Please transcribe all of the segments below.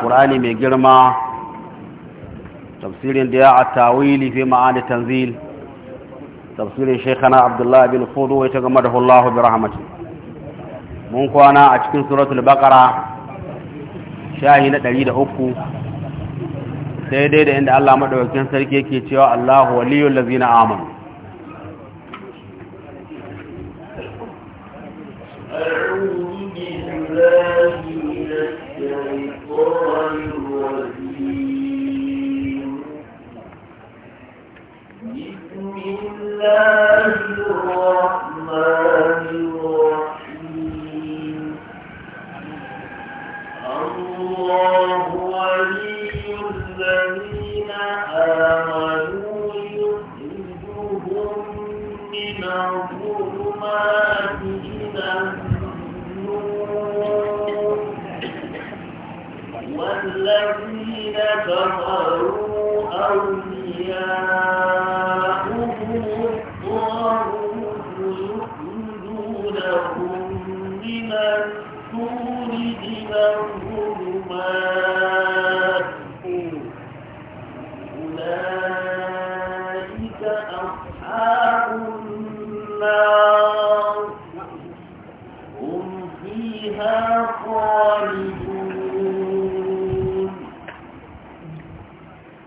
alkur'ani mai girma tafsirin da ya a tawili fi ma'ani tanzil tafsirin shekana abdullahi bin fudu ya ta gama da hullahu bi rahmatin mun kwana a cikin suratul baqara shahi na ɗari da uku sai dai da inda Allah maɗaukakin sarki yake cewa Allahu waliyul ladzina amanu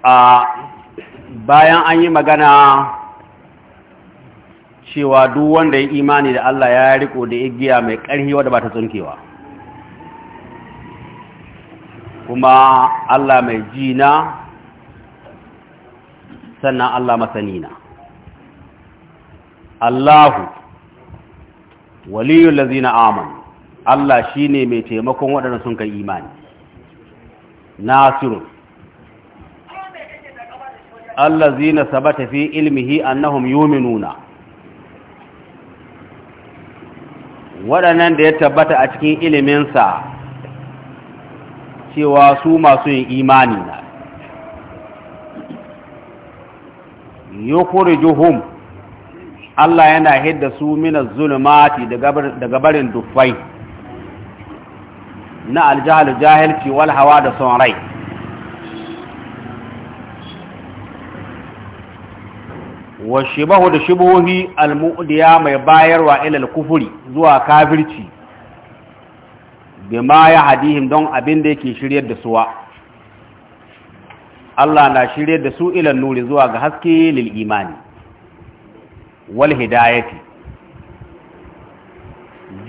a bayan an yi magana cewa duk wanda ya imani da Allah ya riko da igiya mai ƙarfi wadda ba ta tsunkewa kuma Allah mai jina sannan Allah masanina Allahu waliyul na amanu Allah shine mai taimakon waɗanda sun kai imani nasirun allazina sabata fi ilmihi annahum yu'minuna waɗannan da ya tabbata a cikin iliminsa cewa su masu yin imani na yukhrijuhum Allah yana hidda su mina zulumati daga barin dufai na aljahal jahilci wal hawa da son rai wa shibahu da shibuhi almu'diya mai bayarwa ilal kufuri zuwa kafirci bima ya hadihim don abin da yake shiryar da suwa Allah na shiryar da su ilan nuri zuwa ga haske lil imani wal hidayati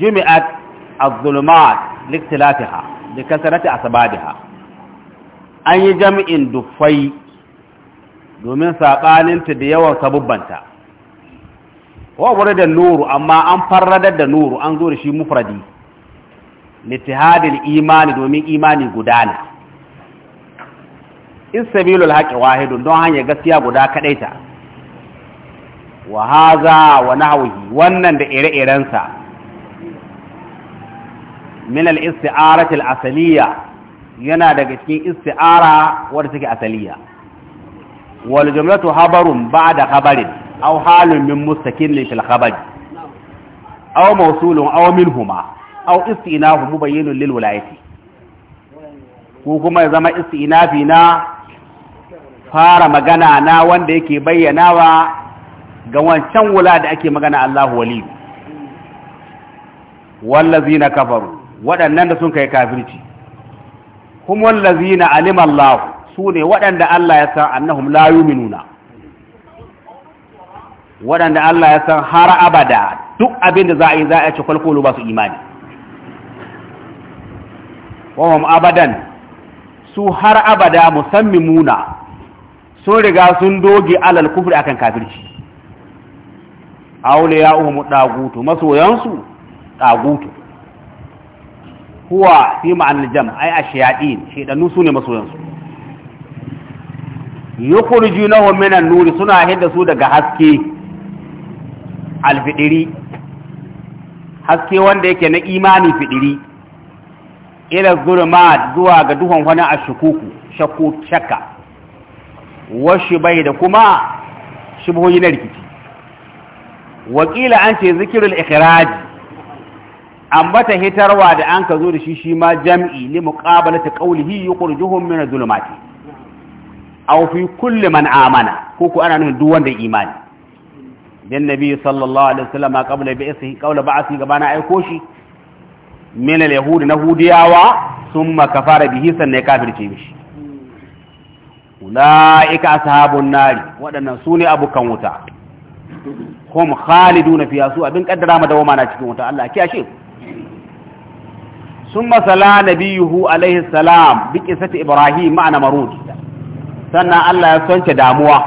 jumi'at az-zulumat liktilatiha likasrati asbadiha an yi jami'in dufai domin saɓaninta da yawan sabubbanta wa da nuru amma an farradar da nuru an zo da shi mufradi litihadin imani domin imani guda ne isabilul haƙi wahidun don hanyar gaskiya guda kaɗaita wa haza wa hauhi wannan da ire-irensa min al-isti'aratil asaliya yana daga cikin isti'ara wadda take asaliya wal jumlatu habarun ba'da khabarin aw halun min mustaqillin fil khabari aw mawsulun aw minhuma aw istinahu mubayyinun lil wilayati ko kuma ya zama istinafi na fara magana na wanda yake bayyanawa ga wancan wula da ake magana Allahu wali wallazina kafaru waɗannan da sun kai kafirci kuma wallazina alima Allahu su ne waɗanda Allah ya san annahum la yuminuna waɗanda Allah ya san har abada duk abin da za a yi za a ci kwalkwalo ba su imani wahum abadan su har abada muna sun riga sun doge alal kufri akan kafirci aule ya umu ɗagutu masoyansu ɗagutu huwa fi ma'an jam ai a shi ɗannu su ne masoyansu Yukurji na minan nuri suna hidda su daga haske alfidiri haske wanda yake na imani fidiri ila zulma zuwa ga duhon wani ashukuku shakku shakka washi bai da kuma shubhoyi na rikici wakila an ce zikirul ikhraj ambata hitarwa da an ka zo da shi shi ma jam'i li muqabalati qawlihi yukhrijuhum min adh-dhulumati aw fi kulli man amana ko ko ana nufin duk wanda imani dan nabi sallallahu alaihi wasallam qabla bi'si qabla ba'si gabana aiko shi min al-yahud na hudiyawa thumma kafara bihi sannan kafirce mishi ulaika ashabun nari wadannan sune abukan wuta hum khaliduna fiha su abin kaddara ma dawama na cikin wuta Allah kiyashe ثم صلى نبيه عليه السلام بقصة إبراهيم مع نمرود sannan Allah ya sonke damuwa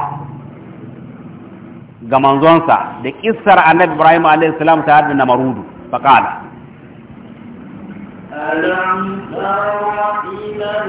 ga manzonsa da kissar annabi Ibrahim a.s. salam ta yadda na marudu alam tara ila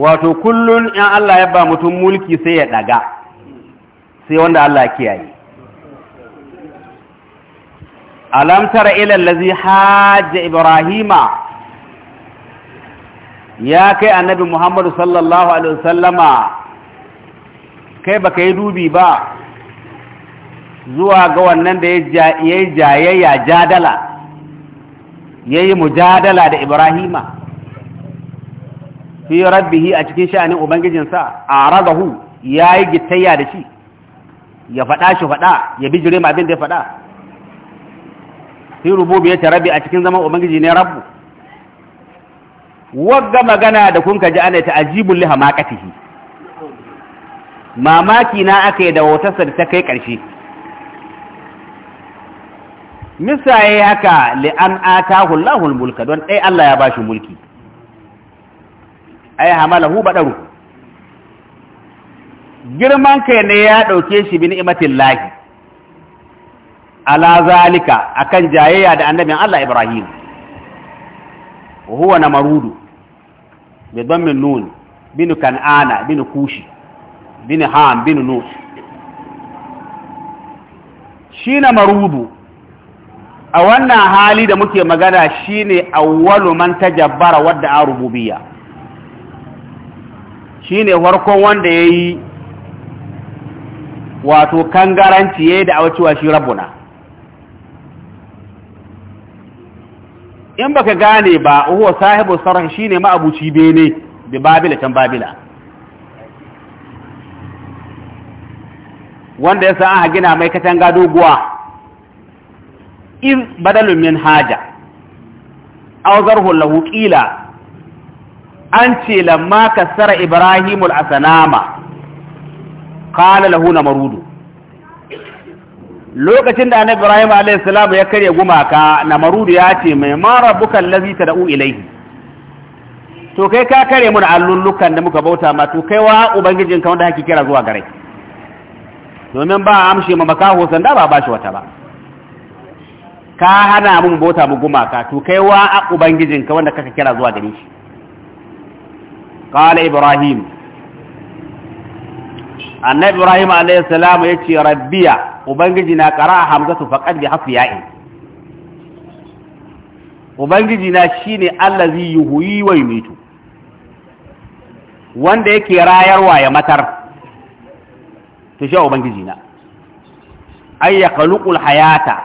wato kullun in Allah ya ba mutum mulki sai ya ɗaga, sai wanda Allah kiyaye alam tara ila allazi hajja ibrahima ya kai annabi muhammadu sallallahu alaihi wasallama kai baka yi dubi ba zuwa ga wannan da ya jayayya jadala ya yi mujadala da ibrahima fi rabbihi a cikin sha'anin ubangijinsa ya yi gittayya da shi ya faɗa shi faɗa ya bi ma abin da ya faɗa fi ya rabbi a cikin zaman ubangiji ne rabbu wagga magana da kun kaji ana ta ajibul liha hamaqatihi mamaki na aka yi da wautarsa da ta kai ƙarshe misaye haka li'an ata hulahul mulka don ɗai Allah ya ba shi mulki ai hamalahu badaru girman kai ne ya dauke shi bi ni'matin lahi ala zalika akan jayayya da annabin Allah Ibrahim huwa namarudu bi dammin nun bin kan'ana bin kushi bin ham bin nus shi na marudu a wannan hali da muke magana shine awwalu man tajabbara wadda a rububiyya shine warkon wanda ya yi wato kangaranci yi da awacewa shi rabuna in baka gane ba uwa sahibu shi shine ma'abuci bene da babila can babila wanda ya sa an gina mai katanga doguwa in badalun min haja auzar hulahu kila. an ce lamma kassara ibrahim al-asanama qala lahu namarudu lokacin da annabi ibrahim alayhi salam ya karya gumaka Marudu ya ce mai ma rabbuka allazi tad'u ilayhi to kai ka kare mun allullukan da muka bauta ma to kai wa ubangijinka wanda haki kira zuwa gare domin ba amshi ma makaho sanda ba bashi wata ba ka hana mun bauta mu gumaka to kai wa ubangijinka wanda kaka kira zuwa gare shi qala ibrahim annabi ibrahim alayhi salam yace rabbiya ubangiji na qara hamzatu faqad bi hafiya'i ubangiji na shine allazi yuhyi wa yumitu wanda yake rayarwa ya matar to shi ubangiji na ay yakhluqul hayata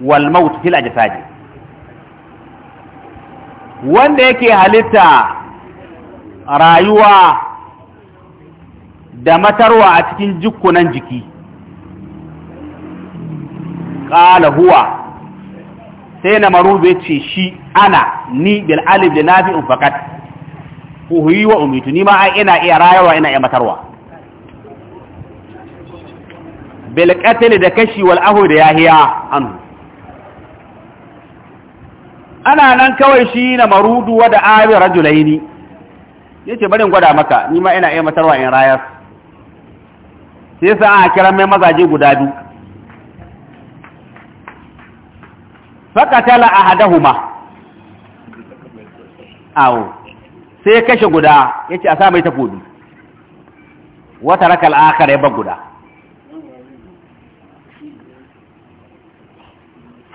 wal maut fil ajsadi wanda yake halitta rayuwa da matarwa a cikin jikunan jiki ƙala huwa sai na marubu ce shi ana ni bil alif da in fakat huhuyi wa umitu ni ma ina iya rayuwa ina iya matarwa bil da kashi wal'ahu da yahiya an ana nan kawai shi na marudu da abin rajulaini ya ce barin gwada maka ni ma ina iya matarwa in rayar sai yasa a kira mai mazaje guda biyu fakatala ahadahuma awo sai ya kashe guda yace a sa mai tafodi wata rakal akhar ya ba guda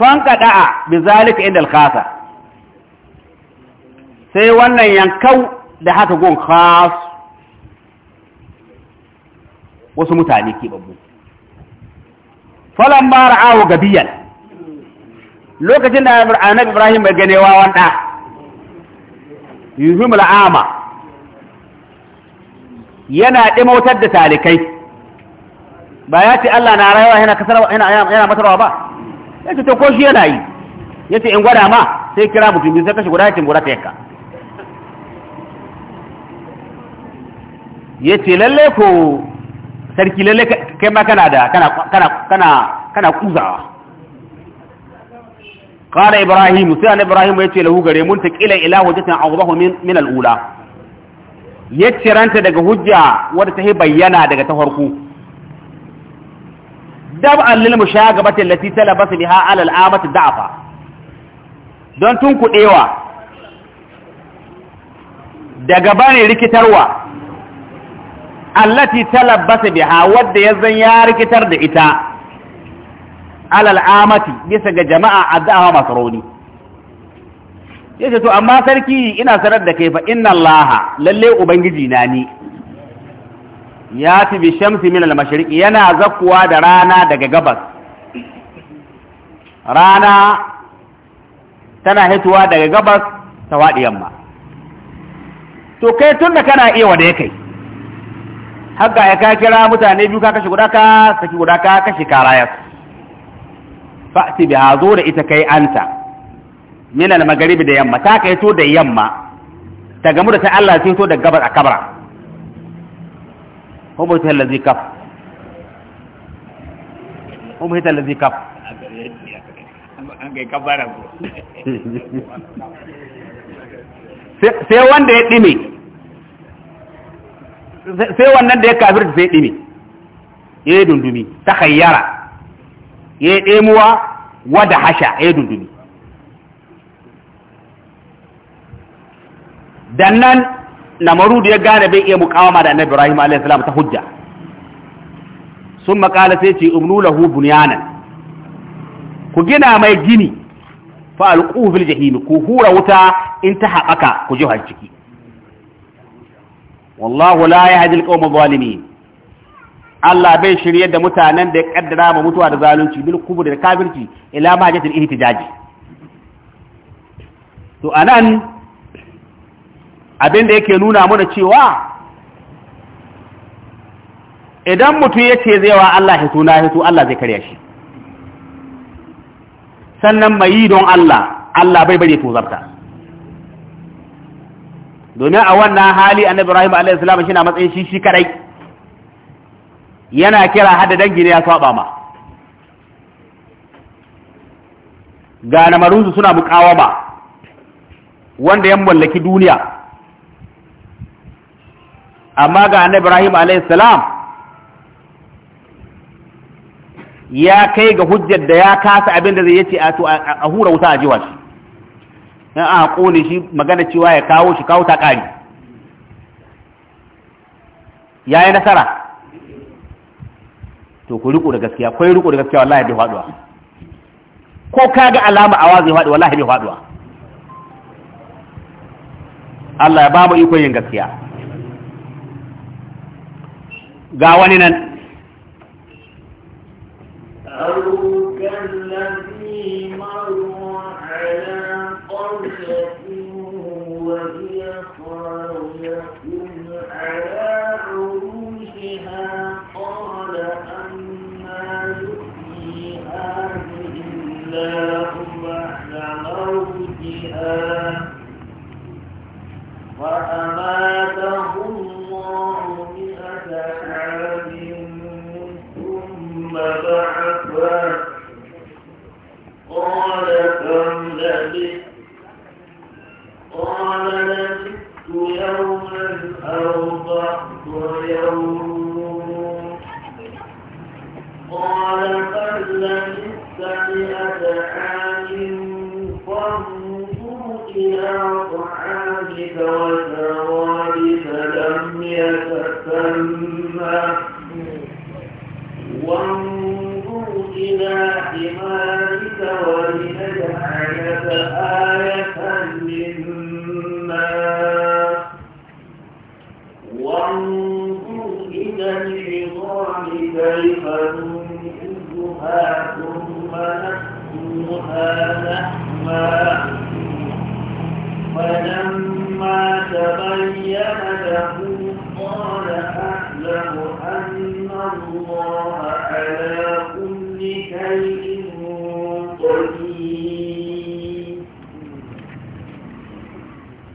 fankada bi zalika inda al sai wannan yankau da haka gun khas wasu mutane ke babu falan ba ra'awo gabiyan lokacin da annabi ibrahim mai ganewa wanda yuhum al'ama yana dimautar da talikai ba ya ce Allah na rayuwa yana kasar yana yana matarwa ba yace to ko shi yana yi yace in gwada ma sai kira mutum sai kashi guda yake guda ta yakka ya ce lalle ko sarki lalle kai ma kana da kana kuzawa ibrahim sai an ibrahim ya ce lahu gare mun ta kila ila hujjatin aghdahu min al'ula ya ciranta daga hujja wadda ta bayyana daga ta farko dab'an lil mushagabati allati talabas biha ala al'amati da'afa don tun kudewa daga bane rikitarwa allati talabbasa biha wadda ya zan ya rikitar da ita alal amati bisa ga jama'a addawa masu rauni yace to amma sarki ina sanar da kai fa inna Allah lalle ubangiji na ni ya ti bi shamsi min al yana zakkuwa da rana daga gabas rana tana hituwa daga gabas ta wadi yamma to kai tunda kana iya wada kai haka ya ka kira mutane biyu ka kashe guda ka saki guda ka kashe karayar fa'ti biha zo da ita kai anta min al-magharibi da yamma ta kai to da yamma ta gamu da ta Allah sai to da gabar a kabara hum ta allazi kaf hum ta allazi kaf an ga kabara sai wanda ya dime sai wannan da ya kafir da sai ɗime ya yi dundumi ta hayyara ya yi ɗemuwa wada hasha ya yi dundumi dan nan na marudu ya gane bai iya mukawama da annabi ibrahim alaihi ta hujja sun makala sai ce umnu lahu bunyanan ku gina mai gini fa jahimi fil jahim ku hura wuta in ta haɓaka ku ji ciki wallahu la yahdi al-qawma zalimin Allah bai shirya da mutanen da ya kaddara ma mutuwa da zalunci bil da kafirci ila ma jatil ihtijaji to anan abin da yake nuna mana cewa idan mutum ya ce zai wa Allah hito na hito Allah zai karya shi sannan mai yi don Allah Allah bai bari tozarta domin a wannan hali annabi Ibrahim alaihi shi na matsayin shi shi kadai yana kira hada dangi ne ya saba ma ga su suna mukawama wanda ya mallaki duniya amma ga annabi Rahim alaihi ya kai ga hujjar da ya kasa abin da zai yace a hura wuta a jiwa shi in a kone shi magana cewa ya kawo shi kawo ta ƙari ya yi nasara to ku riko da gaskiya kwai riko da gaskiya wallahi bai faduwa ko ka ga alama a wazi faduwa wallahi bai faduwa Allah ya ba mu ikon yin gaskiya ga wani nan أو كالذي مر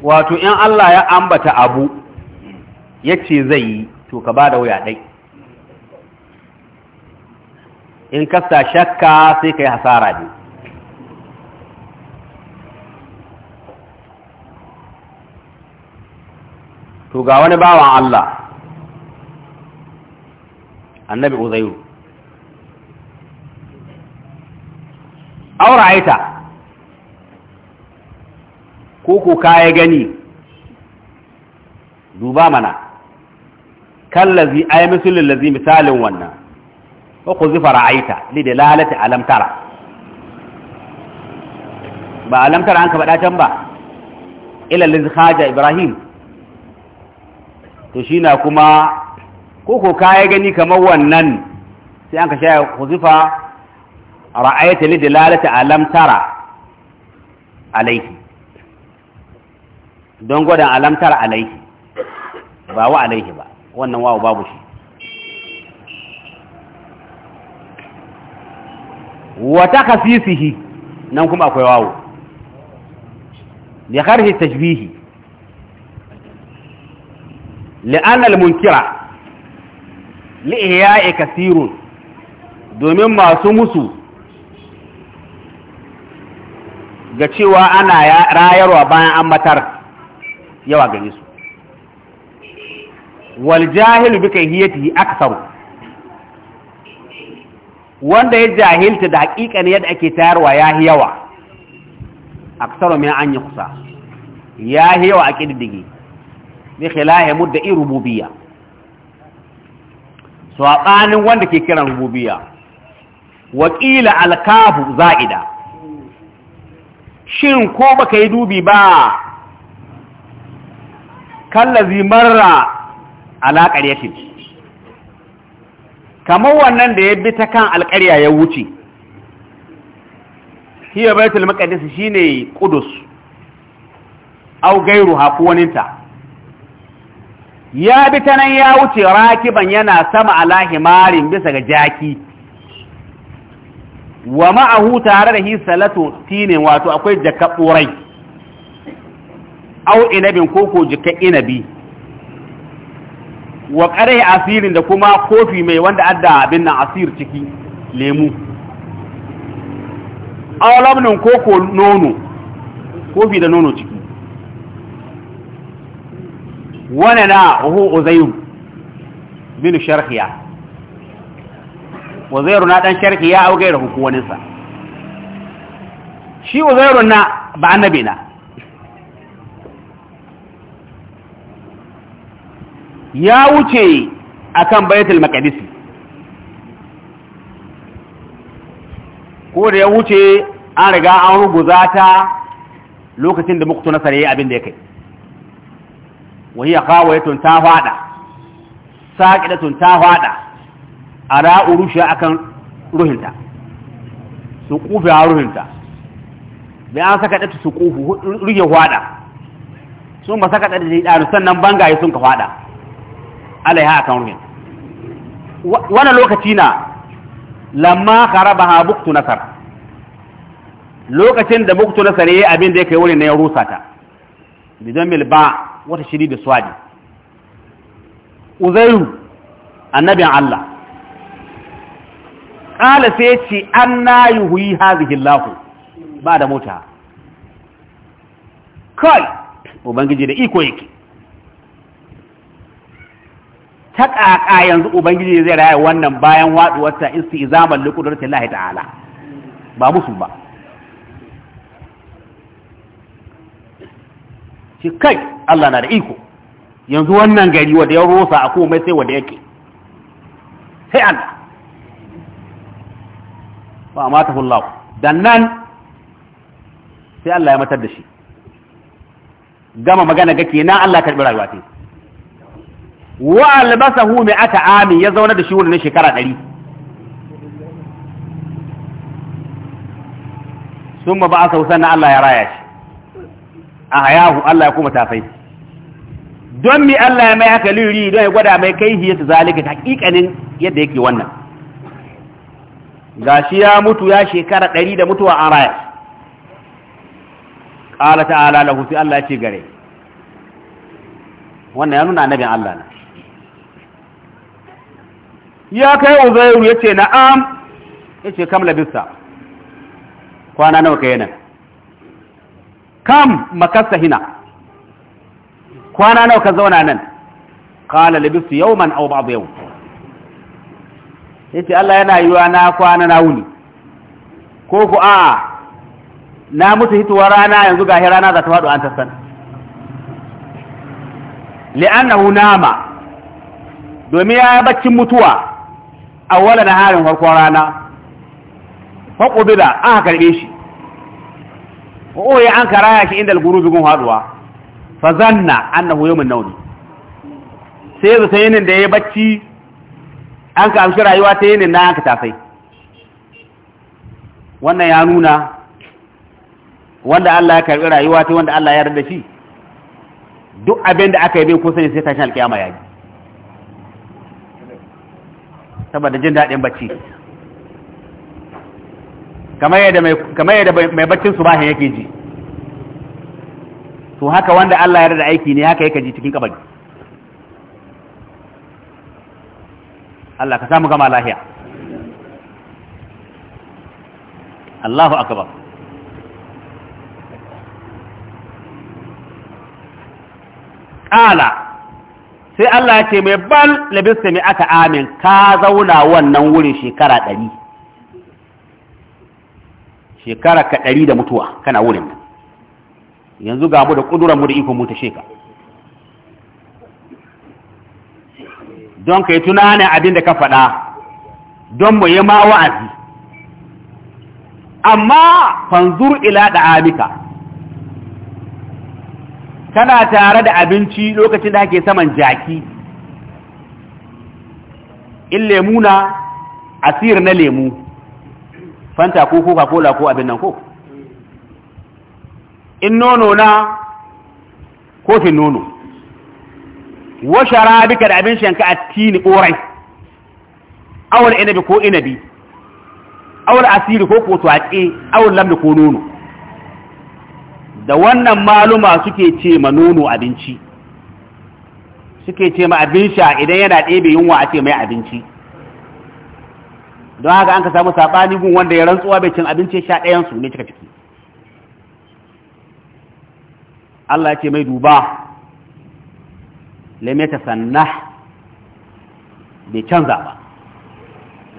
wato in Allah ya ambata abu ya ce zai yi to ka ba da wuya ɗai in kasta shakka sai ka yi hasara ne to ga wani bawan Allah annabi uzairu aura aita ko ko kaya gani duba mana kallazi ay misalin lazi misalin wannan ko ku zifa ra'aita li dalalati alam tara ba alam tara an ka bada can ba ila liz khaja ibrahim to shi na kuma ko ko kaya gani kamar wannan sai an ka sha huzifa ra'aita li dalalati alam tara alaihi don gwada alamtar alaihi ba wa alaihi ba wannan wawo babu shi wata kasisihi nan kuma akwai wawo da karfi tashbihi li'an al-munkira li'iya'i kasirun domin masu musu ga cewa ana rayarwa bayan an matar yawa gare su wal jahilu bi kayfiyatihi aktsaru wanda ya jahilta da hakikan yadda ake tayarwa yahi yawa aktsaru min an yuqsa yahi yawa a kididdige bi khilahi mudda rububiyya so abanin wanda ke kiran rububiyya wakila alkafu za'ida shin ko baka yi dubi ba kallazi marra alaƙar yake kamar wannan da ya bi ta kan alƙarya ya wuce Hiyar baitul shi shine ƙudus augairu gairuha waninta ya bi ta nan ya wuce rakiban yana sama ala bisa ga jaki wa ma'ahu tare da hisalatu tinin wato akwai ɓorai. au inabin ko ko jikan inabi wa ƙarai asirin da kuma kofi mai wanda adda abin nan asir ciki lemu au labnin ko ko nono kofi da nono ciki wani na hu uzairun min sharhiya uzairu na dan sharhiya au gaira sa shi uzairun na ba annabi na ya wuce a kan bayatul makadisi ko da ya wuce an riga an ruguza ta lokacin da muktu ya yi abin da ya kawo ya ta fada da ta fada rushe a kan ruhinta su kufi a ruhinta bai an saka ɗata su kufu ruhin fada sun ba saka ɗata da sannan bangaye sun ka fada ya haka wurin wani lokaci na lamma karaba ha buktu nasar lokacin da buktu nasar ya yi abin da ya kai wurin na ya rusa ta bidon mil ba wata shiri da swadi uzairu annabin Allah ƙala sai ce an na yi huyi hazihin ba da mota kai ubangiji da iko yake ta ƙaƙa yanzu ubangiji zai raya wannan bayan waɗuwarta istizaman liqudrati Allah ta'ala ba musu ba shi kai Allah na da iko yanzu wannan gari wadda ya rosa a komai sai wadda yake sai Allah ba ta hullahu dan nan sai Allah ya matar da shi gama magana gake na Allah karɓi rayuwa ta wa albasa hu mai aka amin ya zauna da shi wani shekara ɗari sun ba a sausan na Allah ya raya shi a hayahu Allah ya kuma tafai don mi Allah ya mai haka liri don ya gwada mai kai hiyar zalika ƙiƙanin yadda yake wannan gashi ya mutu ya shekara ɗari da mutuwa an raya ƙala ta'ala lahu sai Allah ya ce gare wannan ya nuna annabin Allah ne ya kai uzairu ya ce na'am ya ce kam labista kwana nawa ka yanar kam makasta hina kwana nawa ka zauna nan kala labistu abu abu yau ya ce Allah yana wa na kwana na wuni ko ku a na mutu hituwa rana yanzu ga rana za ta faɗo an tasan li'annahu nama domin ya baccin mutuwa awwala na harin farkon rana bida an karɓe shi ya an karaya ki inda alguru gun haduwa fa zanna annahu yawmin nauni sai yanzu sai yinin da ya bacci an ka amshi rayuwa ta yinin na aka tafai wannan ya nuna wanda Allah ya karɓi rayuwa ta wanda Allah ya yarda shi duk abin da aka yi bai kusa ne sai tashin alƙiyama ya yi saboda jin daɗin bacci kamar yadda mai baccin su bahin yake ji to haka wanda Allah ya rada aiki ne haka yake ji cikin kabari Allah ka samu gama lahiya Allahu akbar qala sai Allah ya ce mai bal labista mai aka amin ka zauna wannan wurin shekara ɗari shekara ka ɗari da mutuwa kana wurin nan yanzu ga mu da ƙudurar mu da ikon mu ta sheka don ka yi tunanin abin da ka faɗa don mu yi ma wa'azi amma fanzur ila da amika kana tare da abinci lokacin da ake saman jaki in lemu na asir na lemu fanta ko koka cola ko abin nan ko in nono na kofin nono wa sharabika da abin shanka a tini korai awal inabi ko inabi awal asiri ko kotuwa ke? awal lamni ko nono da wannan maluma suke ce ma nono abinci suke ce ma abin sha idan yana ɗebe yunwa a ce mai abinci don haka an ka samu saɓani gun wanda ya rantsuwa bai cin abinci sha ɗayansu ne cika ciki Allah ce mai duba lameta sanna bai canza ba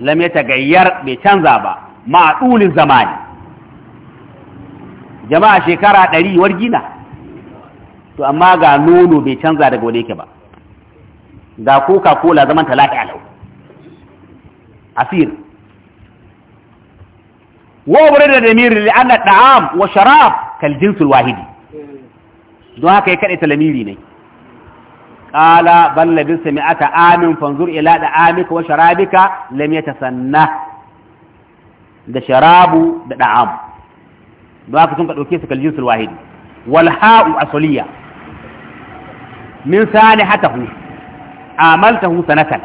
lameta gayyar bai canza ba ma'adulin zamani jama'a shekara ɗari wargina to amma ga nono bai canza daga wani yake ba ga koka-kola zaman ta lahi alau asir wa da damiri li anna da'am wa sharaf kal jinsul wahidi don haka ya kaɗe talamiri ne ƙala ballabin sami aka amin fanzur ila da amika wa sharabika lam sannan. da sharabu da da'am ba ka sun ka ɗauke su kal jinsul wahidi wal ha'u asaliya min sani hu. hatahu amaltahu sanatan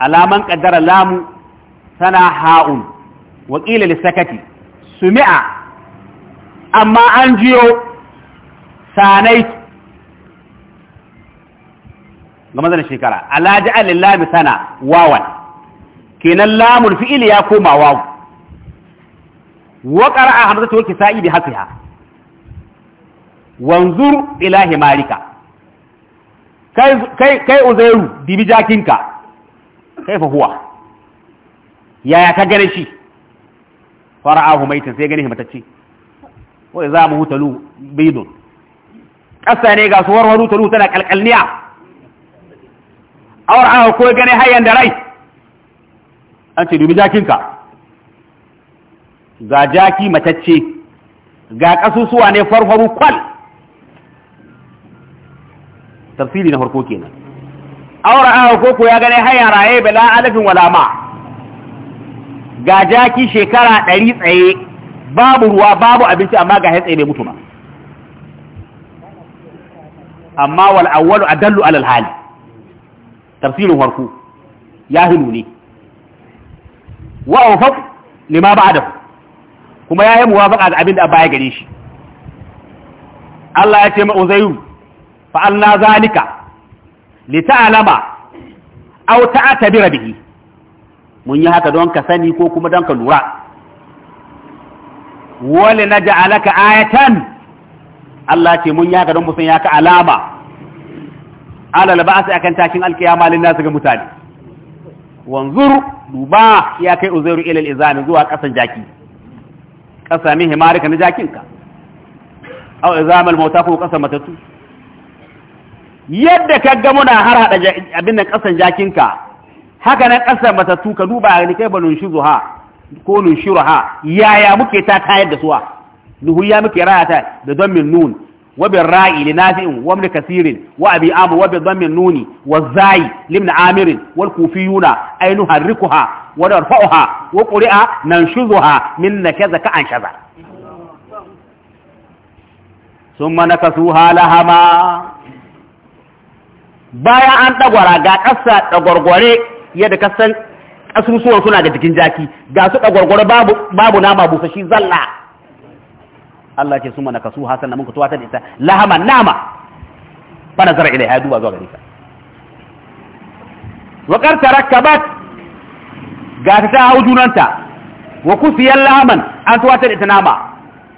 alaman qaddara lamu sana ha'un wa qila lisakati sumi'a amma an jiyo sanai ga mazanin shekara ala ja'al lillahi sana wawan kenan lamul fi'il ya koma wawu wa a hamzatu wa kisa'i bi hasiha wanzur ila himarika kai kai kai uzairu dibi jakinka kaifa huwa yaya ka gane shi fara'ahu maitin sai gane himatacce wa za mu hutalu baydun kasa ne gasuwar suwar waru talu tana kalkalniya awar an ko gane hayan da rai an ce dubi jakinka ga jaki matacce ga ƙasusuwa ne farfaru kwal tafsiri na farko kenan aura a koko ya gane haya raye bala alifin walama ga jaki shekara ɗari tsaye babu ruwa babu abinci amma ga hatsaye mai mutu ba amma wal'awwalu a dallu alal hali tafsirin farko ya hinu ne wa awfaq lima ba'dahu kuma ya yi muwafaka da abin da ya gare shi Allah ya ce ma Uzairu fa anna zalika li ta'lama aw ta'tabira bihi mun yi haka don ka sani ko kuma don ka lura wala naj'alaka ayatan Allah ce mun yi haka don mu san yaka alama alal ba'sa akan tashin alkiyama lin nasu ga mutane wanzur duba ya kai uzairu ila al-izami zuwa kasan jaki ƙasa himarika na jakinka au izamal mauta ko ƙasa matatu yadda ka ga muna har hada abin nan ƙasan jakinka haka nan ƙasan matatu ka duba ni kai ba nunshizu ha ko nunshiru ha yaya muke ta tayar da suwa nuhuya muke raya ta da don min nun wa bin ra'i li nafi'in wa min kasirin wa abi amr wa bi min nuni wa zai limna amirin wal kufiyuna ay nuharrikuha wa narfa'uha wa quri'a nanshuzuha min nakaza ka anshaza summa nakasuha lahama bayan an dagwara ga kasa dagwargware yadda kasan kasusuwan suna da jikin jaki ga su dagwargware babu nama busashi zalla Allah ce summa nakasuha sannan mun ka tuwata da ita lahama nama fa nazara ilaiha duba wa ga ta ta hau junanta wa kusiyan laman an ta ita nama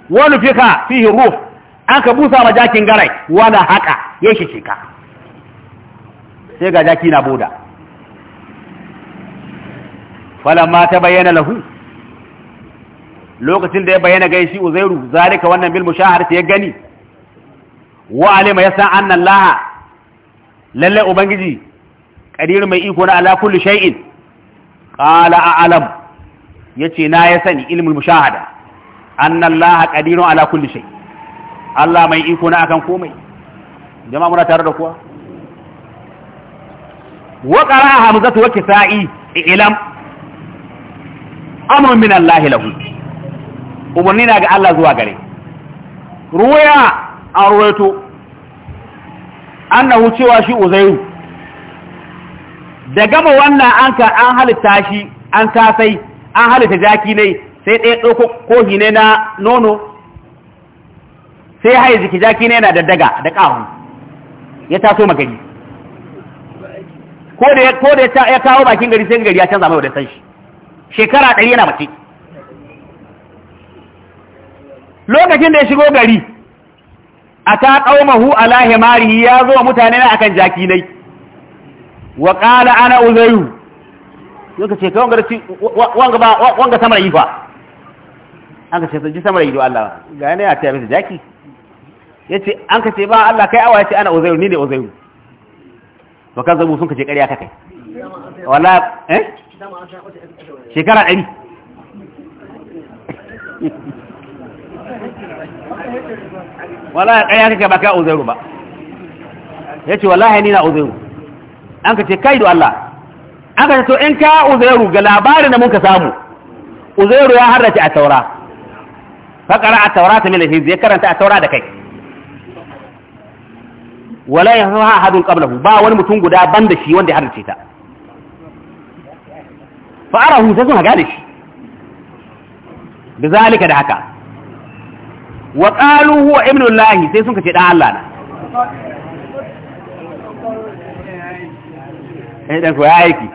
wani fika fihi ruf an ka busa ma jakin garai wala haka ya shi ka sai ga jaki na boda falamma ta bayyana lahu lokacin da ya bayyana gai shi uzairu zalika wannan bil mushahar ya gani wa alima yasan annan laha, lallai ubangiji qadir mai iko na ala kulli shay'in qala a'lam yace na ya sani ilmul mushahada anna allaha qadirun ala kulli Allah mai iko na akan komai jama'a muna tare da kuwa wa qara'a hamzatu wa kisa'i ilam amrun min allahi lahu umarni na ga Allah zuwa gare ruwaya an ruwaito annahu cewa shi uzairu da gama wannan an ka an halitta shi an kasai an halitta jaki ne sai ɗaya ɗauko kohi ne na nono sai haye jiki jaki ne na daddaga da ƙahu ya taso magani ko da ya kawo bakin gari sai gari ya canza mai wadatan shi shekara ɗari yana mace lokacin da ya shigo gari a ta ƙaumahu ala ya zo mutane na akan jaki nai wa qala ana uzayu yanka ce kai wanga ci wanga ba wanga samar yi fa an ka ce ji samar yi do Allah ga ne a tayar da jaki yace an ka ce ba Allah kai awa ce ana uzayu ni ne uzayu ba kan zabu sun ka ce ƙarya ka kai wala eh shekara ɗari wala ƙarya kake ba ka uzayu ba yace wala ni na uzayu an ka ce kai da Allah an ka ce to in ka uzairu ga labarin da mun ka samu uzairu ya harrace a taura fakara a taura ta mila zai karanta a taura da kai wala ya ha hadun qablahu ba wani mutum guda ban da shi wanda ya harrace ta fa arahu sai sun haga da shi bizalika da haka wa qalu huwa ibnu sai sun ka ce dan Allah na in ɗan ya aiki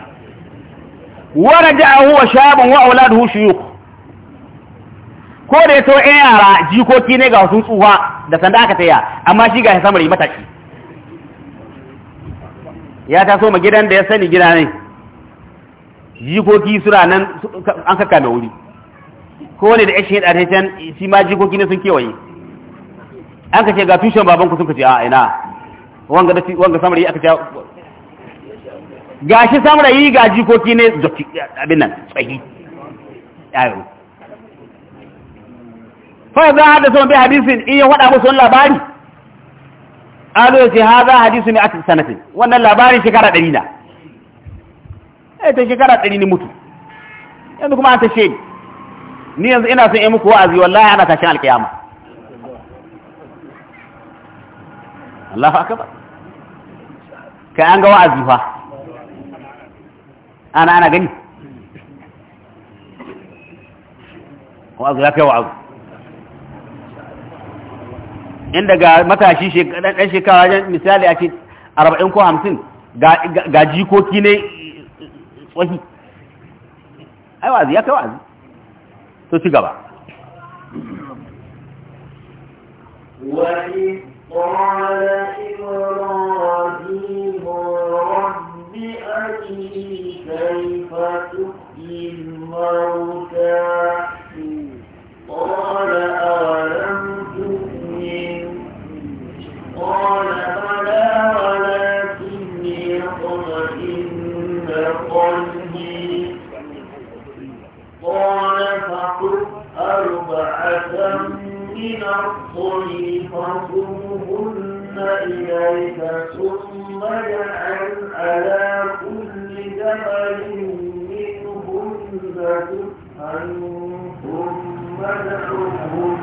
ji a huwa shabun wa auladuhu shuyukh ko da yaso ɗan yara jikoki ne ga wasu tsufa da sanda aka taya amma shi ga samari mataki ya taso ma gidan da ya sani gida ne jikoki suna nan an kaka mai wuri ko ne da shi da can shi ma jikoki ne sun kewaye an ka ce ga tushen baban ku sun ka ce a ina wanga da wanga samari aka ce gashi gaji ga jikoki ne abin nan tsahi yaro fa za hada sun bi hadisin iya wada musu wannan labari alo ce haza hadisu ne aka sanatin wannan labarin shekara ɗari na eh ta shekara ɗari ne mutu yanzu kuma an ta shege ni yanzu ina son yi muku wa'azi wallahi ana tashin alkiyama Allahu akbar kai an ga wa'azi fa ana ana gani wa'azu ya kai wa'azu inda ga matashi ɗan shekara wajen misali a ce arba'in ko hamsin ga jikoki ne tsohi ai wa'azu ya kai wa'azu to ci gaba وإذ قال إبراهيم رب بأهله كيف تحيي الموتى قال أولم تؤمن قال بلى ولكن يطمئن قلبي قال فخذ أربعة من الطريق فصوهن إليك ثم مَّجْمَعًا عَلَىٰ كُلِّ جَبَلٍ مِّنْهُنَّ جُزْءًا ثُمَّ ادْعُهُنَّ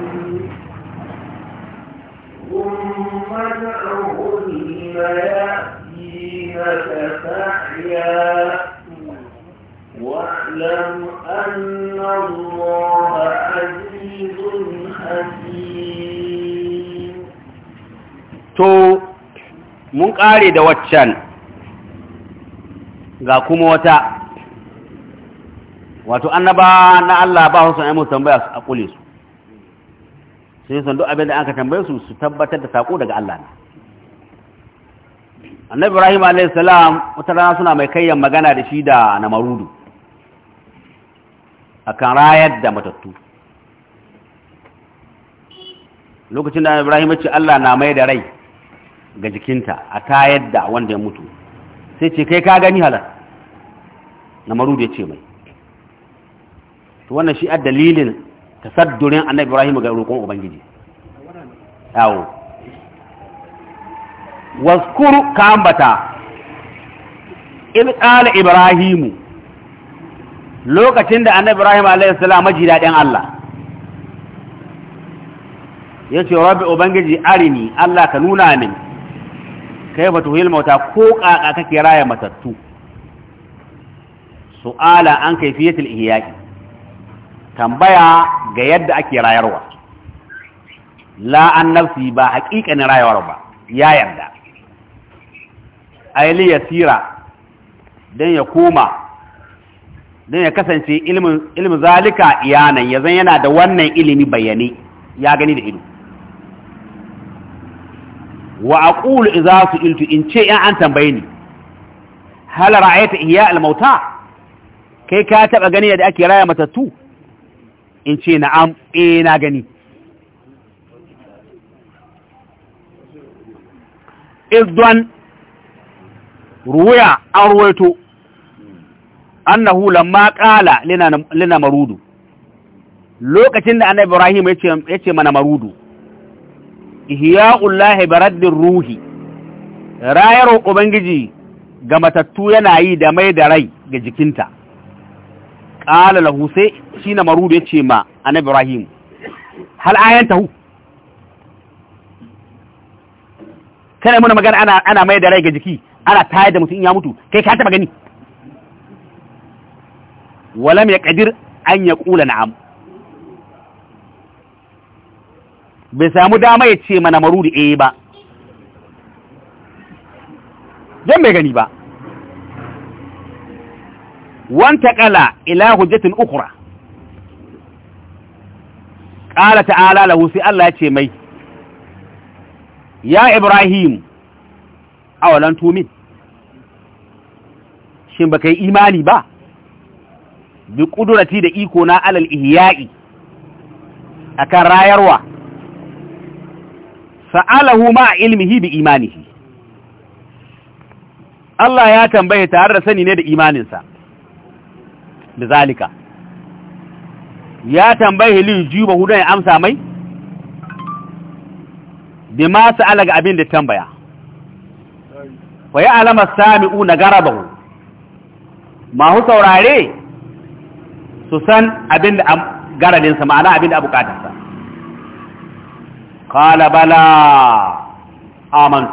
يَأْتِينَكَ سَعْيًا واعلم أن الله عزيز حكيم mun ƙare da waccan ga kuma wata wato annaba na Allah ba su ai tambaya a kule su sai san duk abin da aka tambaye su su tabbatar da saƙo daga Allah na annabi rahim alayhi wata rana suna mai kayyan magana da shi da a kan rayar da matattu lokacin da Ibrahim ya ce Allah na mai da rai ga jikinta a tayar da wanda ya mutu sai ce kai ka gani halar na maru da ya ce mai to wannan shi a dalilin tasaddurin annabi ibrahim ga roƙon ubangiji yawo waskuru ka ambata in ƙala ibrahimu lokacin da annabi ibrahim a.s. maji daɗin allah ya ce rabbi ubangiji arini allah ka nuna min kai ba tuhil mauta ko kaka kake raya matattu su'ala an kaifiyatul ihya'i tambaya ga yadda ake rayarwa la an nafsi ba haƙiƙanin rayuwar ba ya yarda aili yasira don ya koma don ya kasance ilmin zalika iyanan ya zan yana da wannan ilimi bayane ya gani da ido wa aqulu idza su'iltu in ce in an tambaye ni hal ra'aita ihya al-mauta kai ka taba gani da ake raya matattu in ce na'am eh na gani Idwan ruwaya an ruwaito annahu lamma qala lina marudu lokacin da annabi ibrahim yace yace mana marudu ihya'ullahi baraddin ruhi rayar ubangiji ga matattu yana yi da mai da rai ga jikinta ƙala lahu shi na maru da ya ce ma annabi ibrahim hal ayan tahu kana muna magana ana ana mai da rai ga jiki ana tayar da mutum in ya mutu kai ka taɓa gani walam ya ƙadir, an ya ƙula na'am bai samu dama ya ce mana maru da eh ba don bai gani ba wanta kala ila hujjatin ukura ƙala ta'ala lahu sai Allah ce mai ya ibrahim a walan tumin shin baka yi imani ba bi ƙudurati da iko na alal ihya'i akan rayarwa fa’alahu ma ilmihi bi imanihi Allah ya tambaye tare da sani ne da imaninsa da zalika ya tambaye li juba hudu ya amsa mai bi masu alaga abin da tambaya wa ya alama sami'u na garabahu ma hu saurare su san abin da garadinsa ma'ana abin da abukatarsa qala bala aman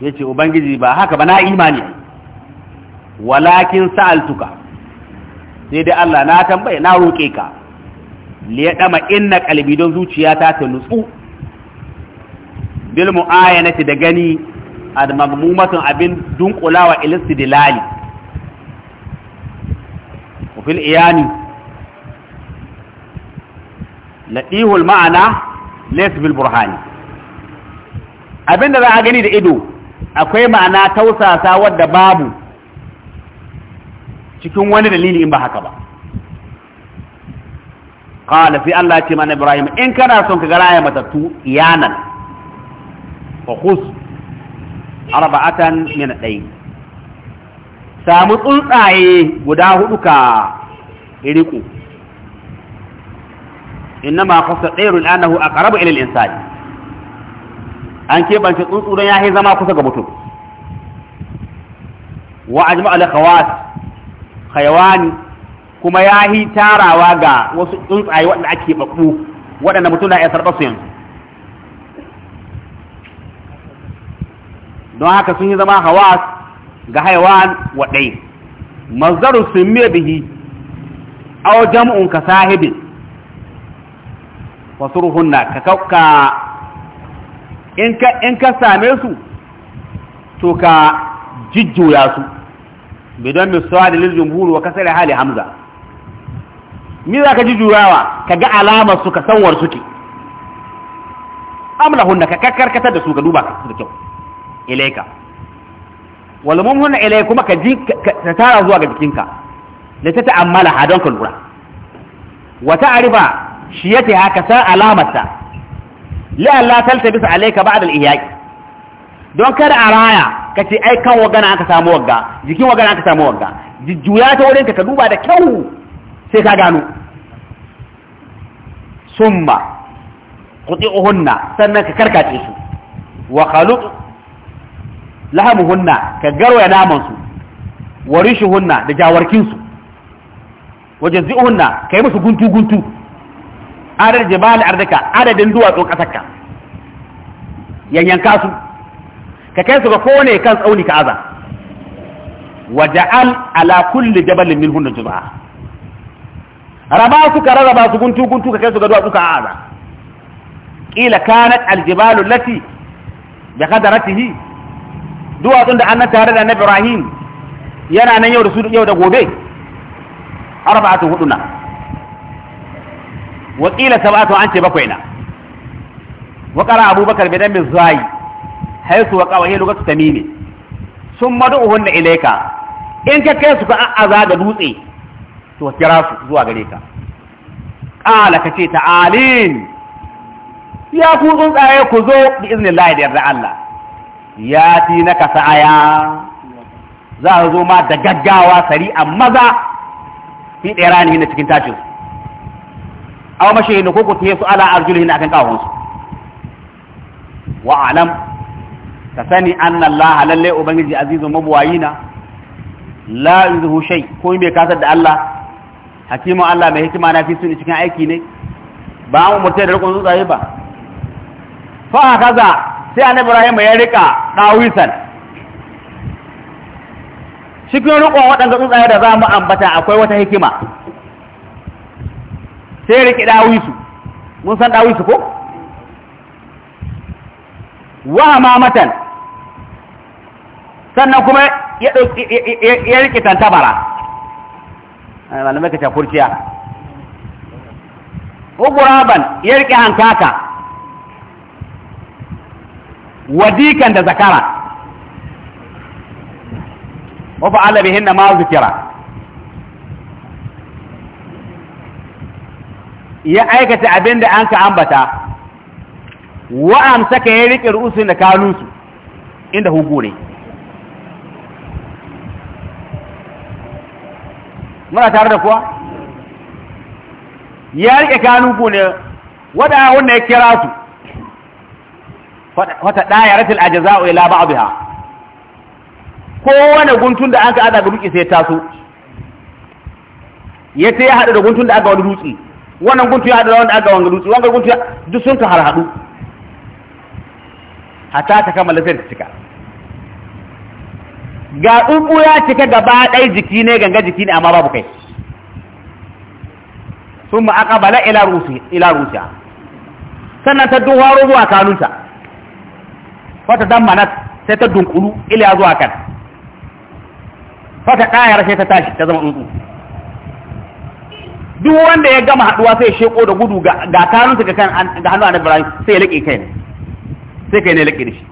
yace ubangiji ba haka ba na imani walakin sa'altuka sai dai Allah na tambaye na roke ka li ya dama inna qalbi don zuciyata ta nutsu bil muayanati da gani ad magmumatun abin dunkulawa ilistidlali wa fil iyani ladihul ma'ana lays bil burhani abinda za a gani da ido akwai ma'ana tausasa wadda babu cikin wani dalili in ba haka ba qala fi Allah ce mana Ibrahim in kana son ka ga raya matattu iyanan fa arba'atan min dai samu tsuntsaye guda hudu ka riku innama khassa tsayrun anahu aqrabu ila al-insani an keɓance tsuntsu don ya yi zama kusa ga mutum wa ajma al khawat khayawani kuma ya yi tarawa ga wasu tsuntsaye wanda ake babbu waɗanda mutum na iya sarɓa su yanzu don haka sun yi zama hawas ga haiwan waɗai mazdaru sun bihi aw jam'un ka sahibin fasuruhunna ka kauka in ka in ka same su to ka jijjuya su bidan misali lil jumhur wa kasal hali hamza mi za ka jijjuyawa ka ga alamar su ka sanwar suke amlahunna ka karkatar da su ga duba su da kyau ilaika wal mumhun ilai kuma ka ji ka tara zuwa ga jikinka da ta ta'ammala hadon ka wa ta'rifa shi yace haka san alamarta la Allah taltabisa alayka ba'da al-ihya don kada a raya ka ce ai kan wagana aka samu wagga jikin wagana aka samu wagga jujjuya ta wurin ka duba da kyau sai ka gano summa quti'uhunna sannan ka karkace su wa khaluq lahamuhunna ka garwaya naman su warishuhunna da jawarkin su wajazihunna kai musu guntu guntu adad jibal ardaka adadin duwatsun kasarka yanyanka su ka kai su ga kone kan tsauni ka aza waja'al ala kulli jabalin minhun juz'a raba su ka raba su guntu guntu ka kai su ga duwatsu ka aza kila kanat aljibalu lati bi qadaratihi duwatsun da annabi tare da annabi Ibrahim yana nan yau da su yau da gobe arba'atun huduna wakila qila sab'atu an ce bakwai na wa qara abubakar bi dambi zai haythu wa qawahi lugatu tamimi summa du'uhunna ilayka in ka kai su ka azaga da dutse to kira su zuwa gare ka qala ka ce ta'alin ya ku tsuntsaye ku zo bi iznillahi da yarda Allah ya ti na ka sa'aya za a zo ma da gaggawa sari a maza fi ɗaya rani na cikin tashin aw mashi ne ko ku tiye su ala arjulihin akan kawon su wa alam ka sani anna Allah lalle ubangiji azizu mabwayina la yuzuhu shay ko me kasar da Allah hakimu Allah mai hikima na fi sun cikin aiki ne ba an mutai da rukun tsaye ba fa kaza sai annabi Ibrahim ya rika dawisan cikin rukun waɗanda tsuntsaye da za mu ambata akwai wata hikima sai rike dawisu mun san dawisu ko wa mamatan sannan kuma ya ya rike tantabara malamai ka ta kurciya uguraban ya rike hankaka wadikan da zakara wa fa'ala bihinna ma zikira ya aikata abin da an ka ambata saka ya riƙe ru'usun da kanunsu inda hugu ne muna tare da kuwa ya riƙe kanunku ne wada wanda ya kira su wata ɗaya ratil a jaza'u ila ba abu ha kowane guntun da an ka aza ga dutse sai taso ya ta ya haɗu da guntun da aka wani dutse wannan guntu ya haɗu da wanda aka wanga dutse wanga guntu duk sun har harhaɗu hata ta kammala lafiyar ta cika ga ubu ya cika gaba ɗaya jiki ne ganga jiki ne amma babu kai sun ma aka bala ila rusi sannan ta duwa zuwa kanunta fata dan manat sai ta dunkulu ila zuwa kan fata kayar sai ta tashi ta zama tsuntsu duk wanda ya gama haduwa sai sheko da gudu ga kanunsa ga kan ga hannu annabi Ibrahim sai ya laƙe kai ne sai kai ne laƙe da shi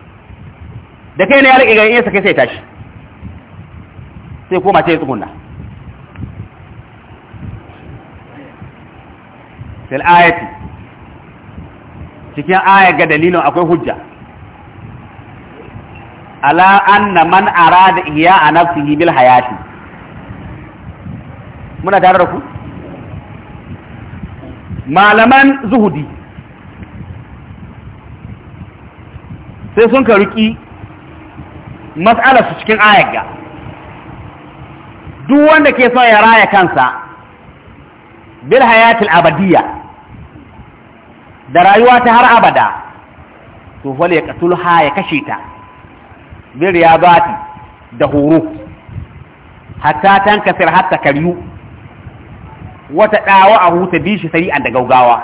da kai ne ya laƙe ga sa kai sai tashi sai koma sai ya tsugunna sai ayati cikin ayar ga dalilin akwai hujja ala anna man arada iya a nafsihi bil hayati muna tare da ku malaman zuhudi sai sun karuki matsalar cikin ayaga duk wanda ke son ya raya kansa bil hayatil abadiyya da rayuwa ta har abada to wale ya katul ha ya kashe ta bil riyadati da horo hatta tankasir hatta karyu wata ɗawa a huta bi shi sari'an da gaugawa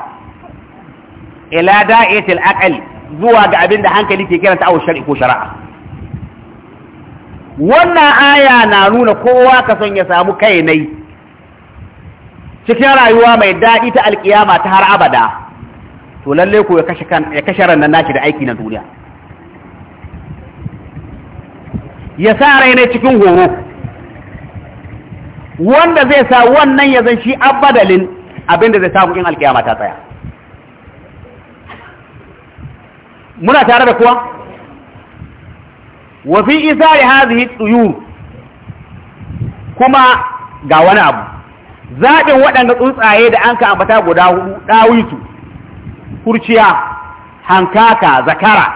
ila da'iyatil aqal zuwa ga abin da hankali ke kiranta awu shar'i ko shari'a wannan aya na nuna kowa ka son ya samu kai nai cikin rayuwa mai daɗi ta alkiyama ta har abada to lalle ko ya kashe kan ya kashe nashi da aiki na duniya ya sa rai cikin horo wanda zai sa wannan ya zan shi abadalin abinda zai samu in alkiyama ta tsaya muna tare da kuwa wafi isa ya hazi tsuyu kuma ga wani abu zaɓin waɗanda tsuntsaye da an ka ambata guda hudu ɗawitu kurciya hankaka zakara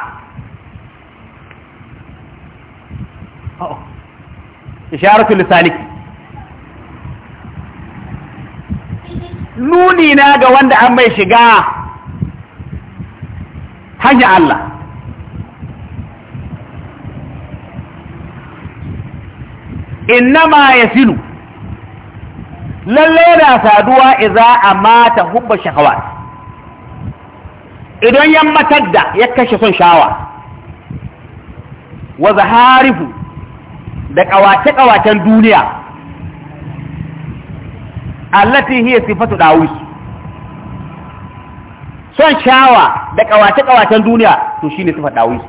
oh, isharatu lisaniki nuni na ga wanda an mai shiga hanya Allah ma ya silu lalle da saduwa iza a mata hubba shahawa idan yan matar da ya kashe son shawa wa zaharifu da kawace-kawacen duniya allati hiya sifatu dawus son shawa da kawace kawacen duniya to shine sifar dawus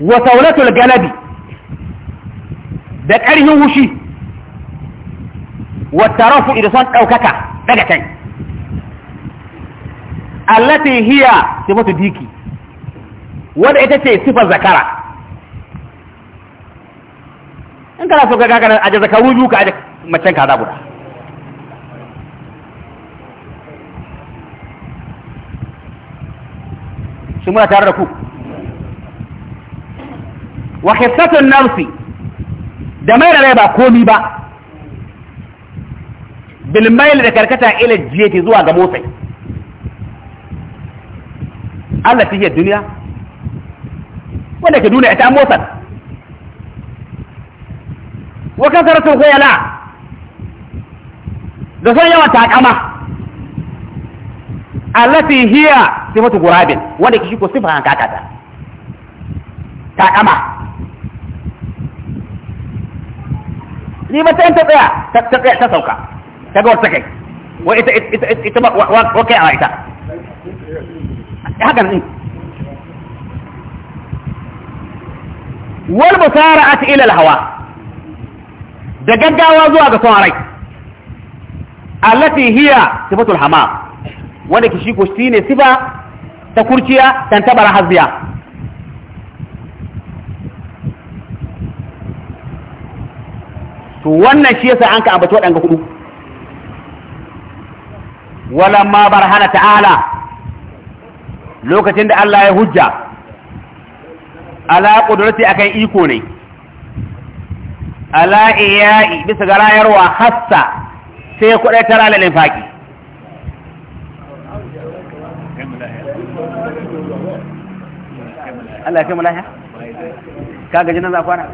wa saulatul galabi da ƙarfin wushi wa tarafu idan son ɗaukaka daga kai allati hiya sifatu diki wanda ita ce sifar zakara in kana so ka kana aje zakaru biyu ka aje macen kaza guda shi muna tare da ku wa hissatun nafsi da mai rai ba komi ba mail da karkata ila jiyati zuwa ga motsai Allah fiye duniya wanda ke duniya ita motsa wa kasaratun khuyala da son yawan takama allati hiya sifatu gurabin wanda ke shi ko sifa kakata takama ni ba ta tsaya ta tsaya ta sauka ta ga wata kai wa ita ita ita wa kai a ita hakan ne wal musara'at ila al-hawa da gaggawa zuwa ga son rai allati hiya sifatul hamam wanda ki shi ko shine sifa ta kurciya dan tabara hazbiya to wannan shi yasa an ka ambaci wadanga hudu walamma barhana ta'ala lokacin da Allah ya hujja ala ƙudurci akan iko ne ala iya'i bisa ga rayarwa hassa sai ya kuɗa tara lalin faƙi Allah ya kai mu ka gaji nan za kwana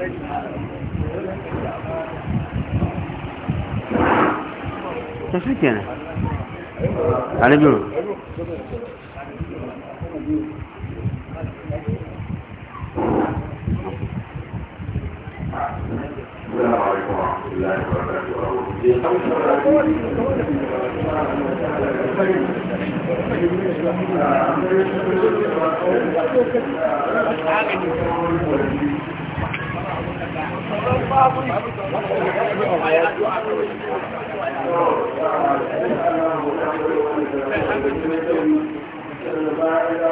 ta shi kenan a السلام عليكم ورحمة الله وبركاته Thank you.